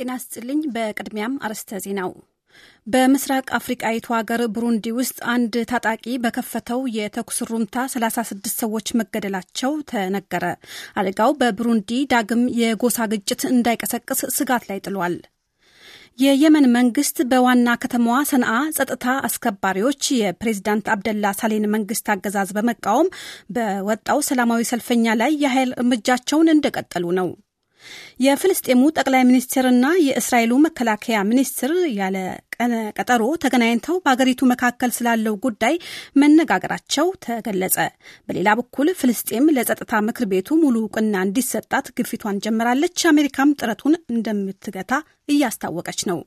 ጤና ስጥልኝ። በቅድሚያም አርዕስተ ዜናው በምስራቅ አፍሪቃዊቱ ሀገር ቡሩንዲ ውስጥ አንድ ታጣቂ በከፈተው የተኩስ ሩምታ 36 ሰዎች መገደላቸው ተነገረ። አደጋው በብሩንዲ ዳግም የጎሳ ግጭት እንዳይቀሰቅስ ስጋት ላይ ጥሏል። የየመን መንግስት በዋና ከተማዋ ሰንዓ ጸጥታ አስከባሪዎች የፕሬዝዳንት አብደላ ሳሌን መንግስት አገዛዝ በመቃወም በወጣው ሰላማዊ ሰልፈኛ ላይ የኃይል እርምጃቸውን እንደቀጠሉ ነው። የፍልስጤሙ ጠቅላይ ሚኒስትርና የእስራኤሉ መከላከያ ሚኒስትር ያለ ቀጠሮ ተገናኝተው በአገሪቱ መካከል ስላለው ጉዳይ መነጋገራቸው ተገለጸ። በሌላ በኩል ፍልስጤም ለጸጥታ ምክር ቤቱ ሙሉ እውቅና እንዲሰጣት ግፊቷን ጀምራለች። አሜሪካም ጥረቱን እንደምትገታ እያስታወቀች ነው።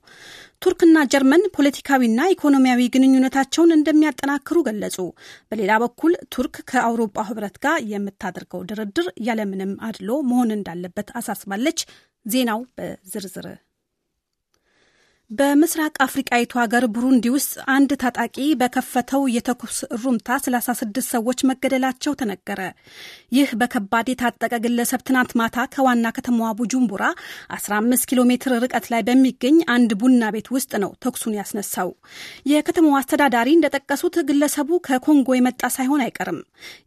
ቱርክና ጀርመን ፖለቲካዊና ኢኮኖሚያዊ ግንኙነታቸውን እንደሚያጠናክሩ ገለጹ። በሌላ በኩል ቱርክ ከአውሮፓ ሕብረት ጋር የምታደርገው ድርድር ያለምንም አድሎ መሆን እንዳለበት አሳስባለች። ዜናው በዝርዝር በምስራቅ አፍሪቃዊቱ ሀገር ቡሩንዲ ውስጥ አንድ ታጣቂ በከፈተው የተኩስ ሩምታ 36 ሰዎች መገደላቸው ተነገረ። ይህ በከባድ የታጠቀ ግለሰብ ትናንት ማታ ከዋና ከተማዋ ቡጁምቡራ 15 ኪሎ ሜትር ርቀት ላይ በሚገኝ አንድ ቡና ቤት ውስጥ ነው ተኩሱን ያስነሳው። የከተማዋ አስተዳዳሪ እንደጠቀሱት ግለሰቡ ከኮንጎ የመጣ ሳይሆን አይቀርም።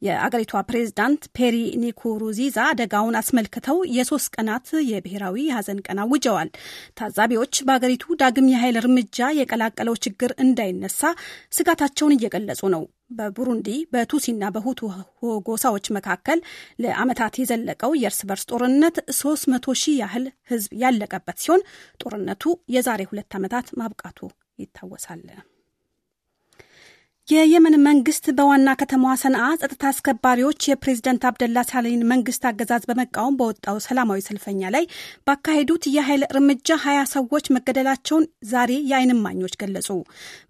የአገሪቷ ፕሬዝዳንት ፔሪ ኒኩሩዚዛ አደጋውን አስመልክተው የሶስት ቀናት የብሔራዊ ሀዘን ቀን አውጀዋል። ታዛቢዎች በአገሪቱ ዳግም የኃይል እርምጃ የቀላቀለው ችግር እንዳይነሳ ስጋታቸውን እየገለጹ ነው። በቡሩንዲ በቱሲና በሁቱ ጎሳዎች መካከል ለዓመታት የዘለቀው የእርስ በርስ ጦርነት 300 ሺህ ያህል ሕዝብ ያለቀበት ሲሆን ጦርነቱ የዛሬ ሁለት ዓመታት ማብቃቱ ይታወሳል። የየመን መንግስት በዋና ከተማዋ ሰንዓ ጸጥታ አስከባሪዎች የፕሬዝደንት አብደላ ሳሌን መንግስት አገዛዝ በመቃወም በወጣው ሰላማዊ ሰልፈኛ ላይ ባካሄዱት የኃይል እርምጃ ሀያ ሰዎች መገደላቸውን ዛሬ የአይን እማኞች ገለጹ።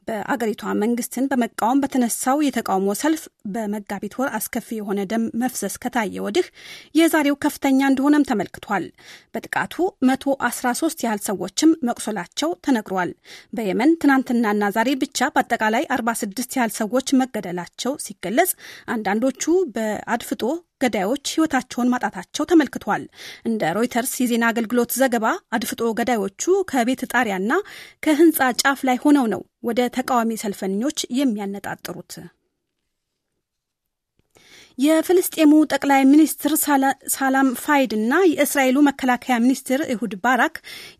በአገሪቷ መንግስትን በመቃወም በተነሳው የተቃውሞ ሰልፍ በመጋቢት ወር አስከፊ የሆነ ደም መፍሰስ ከታየ ወዲህ የዛሬው ከፍተኛ እንደሆነም ተመልክቷል። በጥቃቱ 113 ያህል ሰዎችም መቁሰላቸው ተነግሯል። በየመን ትናንትናና ዛሬ ብቻ በአጠቃላይ 46 ያህል ሰዎች መገደላቸው ሲገለጽ አንዳንዶቹ በአድፍጦ ገዳዮች ህይወታቸውን ማጣታቸው ተመልክቷል። እንደ ሮይተርስ የዜና አገልግሎት ዘገባ አድፍጦ ገዳዮቹ ከቤት ጣሪያና ከህንፃ ጫፍ ላይ ሆነው ነው ወደ ተቃዋሚ ሰልፈኞች የሚያነጣጥሩት። የፍልስጤሙ ጠቅላይ ሚኒስትር ሳላም ፋይድ እና የእስራኤሉ መከላከያ ሚኒስትር እሁድ ባራክ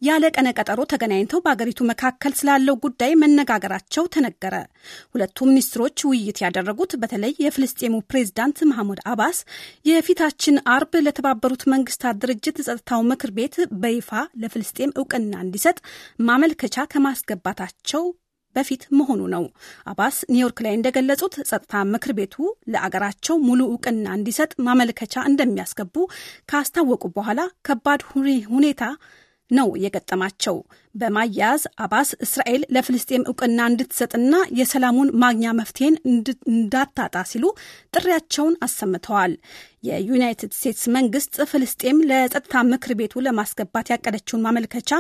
ያለ ቀነ ቀጠሮ ተገናኝተው በአገሪቱ መካከል ስላለው ጉዳይ መነጋገራቸው ተነገረ። ሁለቱ ሚኒስትሮች ውይይት ያደረጉት በተለይ የፍልስጤሙ ፕሬዝዳንት መሐሙድ አባስ የፊታችን አርብ ለተባበሩት መንግስታት ድርጅት ጸጥታው ምክር ቤት በይፋ ለፍልስጤም እውቅና እንዲሰጥ ማመልከቻ ከማስገባታቸው በፊት መሆኑ ነው። አባስ ኒውዮርክ ላይ እንደገለጹት ጸጥታ ምክር ቤቱ ለአገራቸው ሙሉ እውቅና እንዲሰጥ ማመልከቻ እንደሚያስገቡ ካስታወቁ በኋላ ከባድ ሁኔታ ነው የገጠማቸው። በማያያዝ አባስ እስራኤል ለፍልስጤም እውቅና እንድትሰጥና የሰላሙን ማግኛ መፍትሄን እንዳታጣ ሲሉ ጥሪያቸውን አሰምተዋል። የዩናይትድ ስቴትስ መንግስት ፍልስጤም ለጸጥታ ምክር ቤቱ ለማስገባት ያቀደችውን ማመልከቻ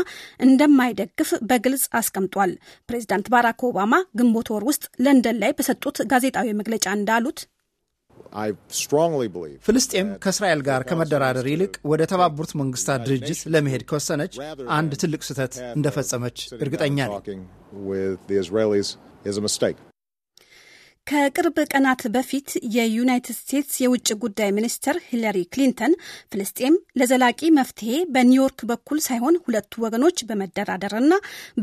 እንደማይደግፍ በግልጽ አስቀምጧል። ፕሬዚዳንት ባራክ ኦባማ ግንቦት ወር ውስጥ ለንደን ላይ በሰጡት ጋዜጣዊ መግለጫ እንዳሉት ፍልስጤም ከእስራኤል ጋር ከመደራደር ይልቅ ወደ ተባበሩት መንግስታት ድርጅት ለመሄድ ከወሰነች አንድ ትልቅ ስህተት እንደፈጸመች እርግጠኛ ነኝ። ከቅርብ ቀናት በፊት የዩናይትድ ስቴትስ የውጭ ጉዳይ ሚኒስትር ሂለሪ ክሊንተን ፍልስጤም ለዘላቂ መፍትሄ በኒውዮርክ በኩል ሳይሆን ሁለቱ ወገኖች በመደራደርና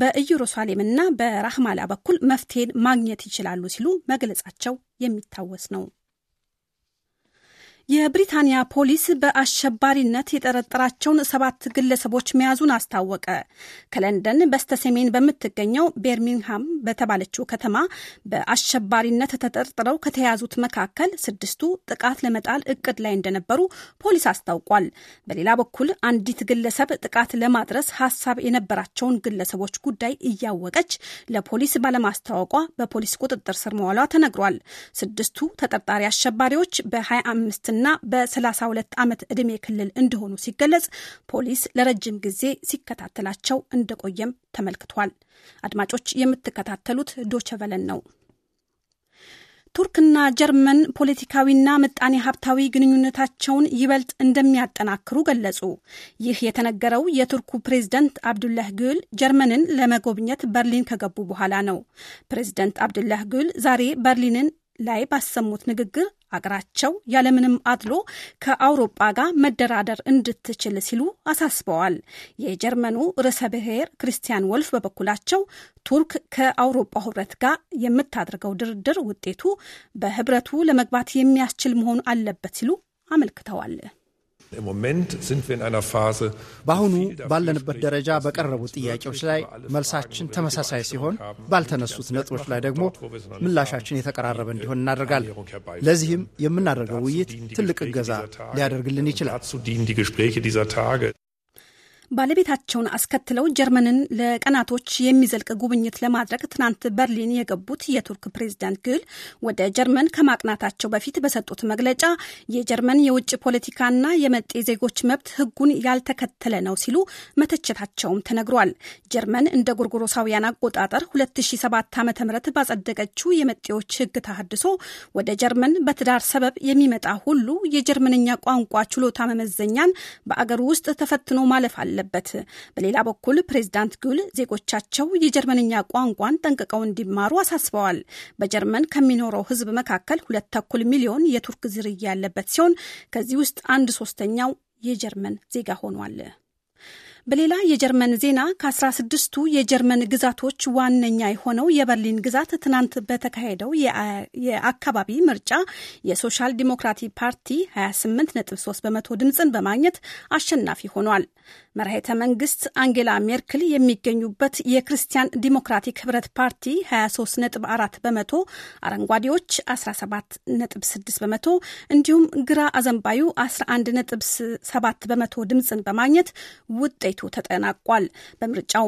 በኢየሩሳሌምና በራህማላ በኩል መፍትሄን ማግኘት ይችላሉ ሲሉ መግለጻቸው የሚታወስ ነው። የብሪታንያ ፖሊስ በአሸባሪነት የጠረጠራቸውን ሰባት ግለሰቦች መያዙን አስታወቀ። ከለንደን በስተሰሜን በምትገኘው ቤርሚንግሃም በተባለችው ከተማ በአሸባሪነት ተጠርጥረው ከተያዙት መካከል ስድስቱ ጥቃት ለመጣል እቅድ ላይ እንደነበሩ ፖሊስ አስታውቋል። በሌላ በኩል አንዲት ግለሰብ ጥቃት ለማድረስ ሀሳብ የነበራቸውን ግለሰቦች ጉዳይ እያወቀች ለፖሊስ ባለማስታወቋ በፖሊስ ቁጥጥር ስር መዋሏ ተነግሯል። ስድስቱ ተጠርጣሪ አሸባሪዎች በ25 እና በ32 ዓመት ዕድሜ ክልል እንደሆኑ ሲገለጽ ፖሊስ ለረጅም ጊዜ ሲከታተላቸው እንደቆየም ተመልክቷል። አድማጮች የምትከታተሉት ዶቸቨለን ነው። ቱርክና ጀርመን ፖለቲካዊና ምጣኔ ሀብታዊ ግንኙነታቸውን ይበልጥ እንደሚያጠናክሩ ገለጹ። ይህ የተነገረው የቱርኩ ፕሬዝደንት አብዱላህ ግል ጀርመንን ለመጎብኘት በርሊን ከገቡ በኋላ ነው። ፕሬዝደንት አብዱላህ ግል ዛሬ በርሊንን ላይ ባሰሙት ንግግር አገራቸው ያለምንም አድሎ ከአውሮጳ ጋር መደራደር እንድትችል ሲሉ አሳስበዋል። የጀርመኑ ርዕሰ ብሔር ክሪስቲያን ወልፍ በበኩላቸው ቱርክ ከአውሮጳ ህብረት ጋር የምታደርገው ድርድር ውጤቱ በህብረቱ ለመግባት የሚያስችል መሆን አለበት ሲሉ አመልክተዋል። በአሁኑ ባለንበት ደረጃ በቀረቡት ጥያቄዎች ላይ መልሳችን ተመሳሳይ ሲሆን ባልተነሱት ነጥቦች ላይ ደግሞ ምላሻችን የተቀራረበ እንዲሆን እናደርጋለን። ለዚህም የምናደርገው ውይይት ትልቅ እገዛ ሊያደርግልን ይችላል። ባለቤታቸውን አስከትለው ጀርመንን ለቀናቶች የሚዘልቅ ጉብኝት ለማድረግ ትናንት በርሊን የገቡት የቱርክ ፕሬዚዳንት ግል ወደ ጀርመን ከማቅናታቸው በፊት በሰጡት መግለጫ የጀርመን የውጭ ፖለቲካና የመጤ ዜጎች መብት ሕጉን ያልተከተለ ነው ሲሉ መተቸታቸውም ተነግሯል። ጀርመን እንደ ጎርጎሮሳውያን አቆጣጠር 2007 ዓ ም ባጸደቀችው የመጤዎች ሕግ ተሀድሶ ወደ ጀርመን በትዳር ሰበብ የሚመጣ ሁሉ የጀርመንኛ ቋንቋ ችሎታ መመዘኛን በአገር ውስጥ ተፈትኖ ማለፍ አለ አለበት። በሌላ በኩል ፕሬዚዳንት ጉል ዜጎቻቸው የጀርመንኛ ቋንቋን ጠንቅቀው እንዲማሩ አሳስበዋል። በጀርመን ከሚኖረው ሕዝብ መካከል ሁለት ተኩል ሚሊዮን የቱርክ ዝርያ ያለበት ሲሆን ከዚህ ውስጥ አንድ ሶስተኛው የጀርመን ዜጋ ሆኗል። በሌላ የጀርመን ዜና ከአስራ ስድስቱ የጀርመን ግዛቶች ዋነኛ የሆነው የበርሊን ግዛት ትናንት በተካሄደው የአካባቢ ምርጫ የሶሻል ዲሞክራቲ ፓርቲ 28.3 በመቶ ድምፅን በማግኘት አሸናፊ ሆኗል። መርሄተ መንግስት አንጌላ ሜርክል የሚገኙበት የክርስቲያን ዲሞክራቲክ ህብረት ፓርቲ 23.4 በመቶ፣ አረንጓዴዎች 17.6 በመቶ እንዲሁም ግራ አዘንባዩ 11.7 በመቶ ድምፅን በማግኘት ውጤቱ ተጠናቋል። በምርጫው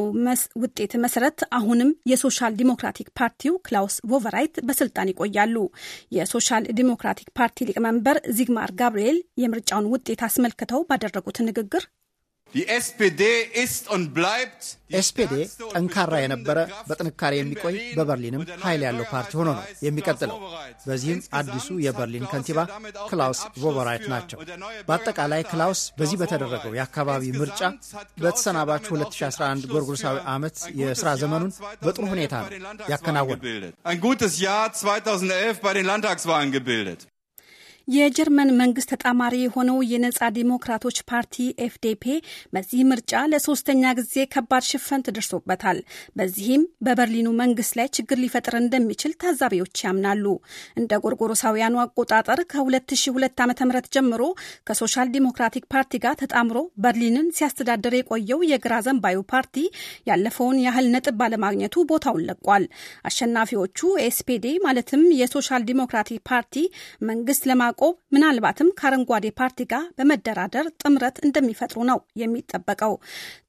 ውጤት መሰረት አሁንም የሶሻል ዲሞክራቲክ ፓርቲው ክላውስ ቮቨራይት በስልጣን ይቆያሉ። የሶሻል ዲሞክራቲክ ፓርቲ ሊቀመንበር ዚግማር ጋብርኤል የምርጫውን ውጤት አስመልክተው ባደረጉት ንግግር ኤስፒዲ ጠንካራ የነበረ በጥንካሬ የሚቆይ በበርሊንም ኃይል ያለው ፓርቲ ሆኖ ነው የሚቀጥለው። በዚህም አዲሱ የበርሊን ከንቲባ ክላውስ ቮቨራይት ናቸው። በአጠቃላይ ክላውስ በዚህ በተደረገው የአካባቢ ምርጫ በተሰናባቹ 2011 ጎርጎሮሳዊ ዓመት የሥራ ዘመኑን በጥሩ ሁኔታ ነው ያከናወነ። የጀርመን መንግስት ተጣማሪ የሆነው የነጻ ዲሞክራቶች ፓርቲ ኤፍዴፔ በዚህ ምርጫ ለሶስተኛ ጊዜ ከባድ ሽፈን ተደርሶበታል። በዚህም በበርሊኑ መንግስት ላይ ችግር ሊፈጥር እንደሚችል ታዛቢዎች ያምናሉ። እንደ ጎርጎሮሳውያኑ አቆጣጠር ከ2002 ዓ ም ጀምሮ ከሶሻል ዲሞክራቲክ ፓርቲ ጋር ተጣምሮ በርሊንን ሲያስተዳደር የቆየው የግራ ዘንባዩ ፓርቲ ያለፈውን ያህል ነጥብ ባለማግኘቱ ቦታውን ለቋል። አሸናፊዎቹ ኤስፔዴ ማለትም የሶሻል ዲሞክራቲክ ፓርቲ መንግስት ለማ ያዕቆብ ምናልባትም ከአረንጓዴ ፓርቲ ጋር በመደራደር ጥምረት እንደሚፈጥሩ ነው የሚጠበቀው።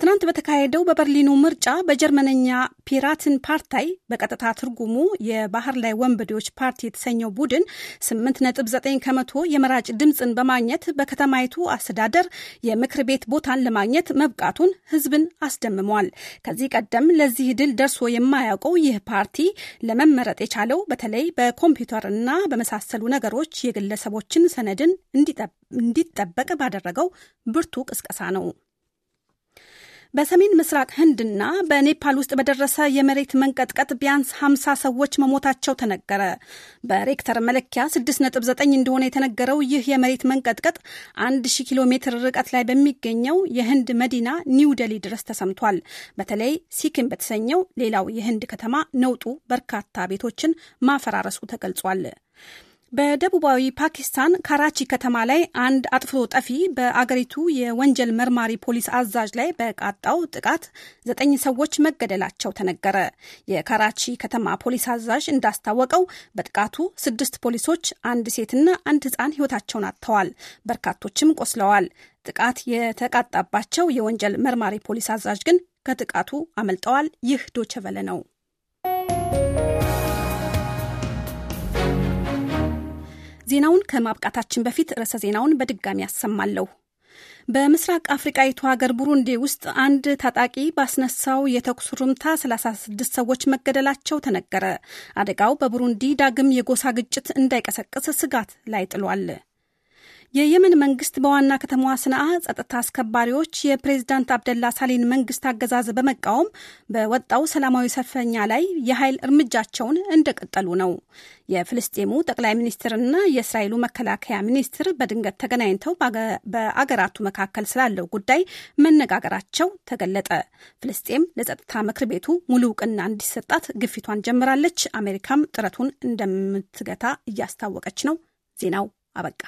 ትናንት በተካሄደው በበርሊኑ ምርጫ በጀርመንኛ ፒራትን ፓርታይ በቀጥታ ትርጉሙ የባህር ላይ ወንበዴዎች ፓርቲ የተሰኘው ቡድን 8.9 ከመቶ የመራጭ ድምፅን በማግኘት በከተማይቱ አስተዳደር የምክር ቤት ቦታን ለማግኘት መብቃቱን ህዝብን አስደምሟል። ከዚህ ቀደም ለዚህ ድል ደርሶ የማያውቀው ይህ ፓርቲ ለመመረጥ የቻለው በተለይ በኮምፒውተርና በመሳሰሉ ነገሮች የግለሰቡ የቤተሰቦችን ሰነድን እንዲጠበቅ ባደረገው ብርቱ ቅስቀሳ ነው። በሰሜን ምስራቅ ህንድና በኔፓል ውስጥ በደረሰ የመሬት መንቀጥቀጥ ቢያንስ 50 ሰዎች መሞታቸው ተነገረ። በሬክተር መለኪያ 6.9 እንደሆነ የተነገረው ይህ የመሬት መንቀጥቀጥ 1000 ኪሎ ሜትር ርቀት ላይ በሚገኘው የህንድ መዲና ኒው ደሊ ድረስ ተሰምቷል። በተለይ ሲኪም በተሰኘው ሌላው የህንድ ከተማ ነውጡ በርካታ ቤቶችን ማፈራረሱ ተገልጿል። በደቡባዊ ፓኪስታን ካራቺ ከተማ ላይ አንድ አጥፍቶ ጠፊ በአገሪቱ የወንጀል መርማሪ ፖሊስ አዛዥ ላይ በቃጣው ጥቃት ዘጠኝ ሰዎች መገደላቸው ተነገረ። የካራቺ ከተማ ፖሊስ አዛዥ እንዳስታወቀው በጥቃቱ ስድስት ፖሊሶች፣ አንድ ሴትና አንድ ህፃን ህይወታቸውን አጥተዋል። በርካቶችም ቆስለዋል። ጥቃት የተቃጣባቸው የወንጀል መርማሪ ፖሊስ አዛዥ ግን ከጥቃቱ አመልጠዋል። ይህ ዶቸቨለ ነው። ዜናውን ከማብቃታችን በፊት ርዕሰ ዜናውን በድጋሚ ያሰማለሁ። በምስራቅ አፍሪቃዊቱ ሀገር ቡሩንዲ ውስጥ አንድ ታጣቂ ባስነሳው የተኩስ ሩምታ 36 ሰዎች መገደላቸው ተነገረ። አደጋው በቡሩንዲ ዳግም የጎሳ ግጭት እንዳይቀሰቅስ ስጋት ላይ ጥሏል። የየመን መንግስት በዋና ከተማዋ ስነአ ጸጥታ አስከባሪዎች የፕሬዚዳንት አብደላ ሳሊን መንግስት አገዛዝ በመቃወም በወጣው ሰላማዊ ሰልፈኛ ላይ የኃይል እርምጃቸውን እንደቀጠሉ ነው። የፍልስጤሙ ጠቅላይ ሚኒስትርና የእስራኤሉ መከላከያ ሚኒስትር በድንገት ተገናኝተው በአገራቱ መካከል ስላለው ጉዳይ መነጋገራቸው ተገለጠ። ፍልስጤም ለጸጥታ ምክር ቤቱ ሙሉ እውቅና እንዲሰጣት ግፊቷን ጀምራለች። አሜሪካም ጥረቱን እንደምትገታ እያስታወቀች ነው። ዜናው አበቃ።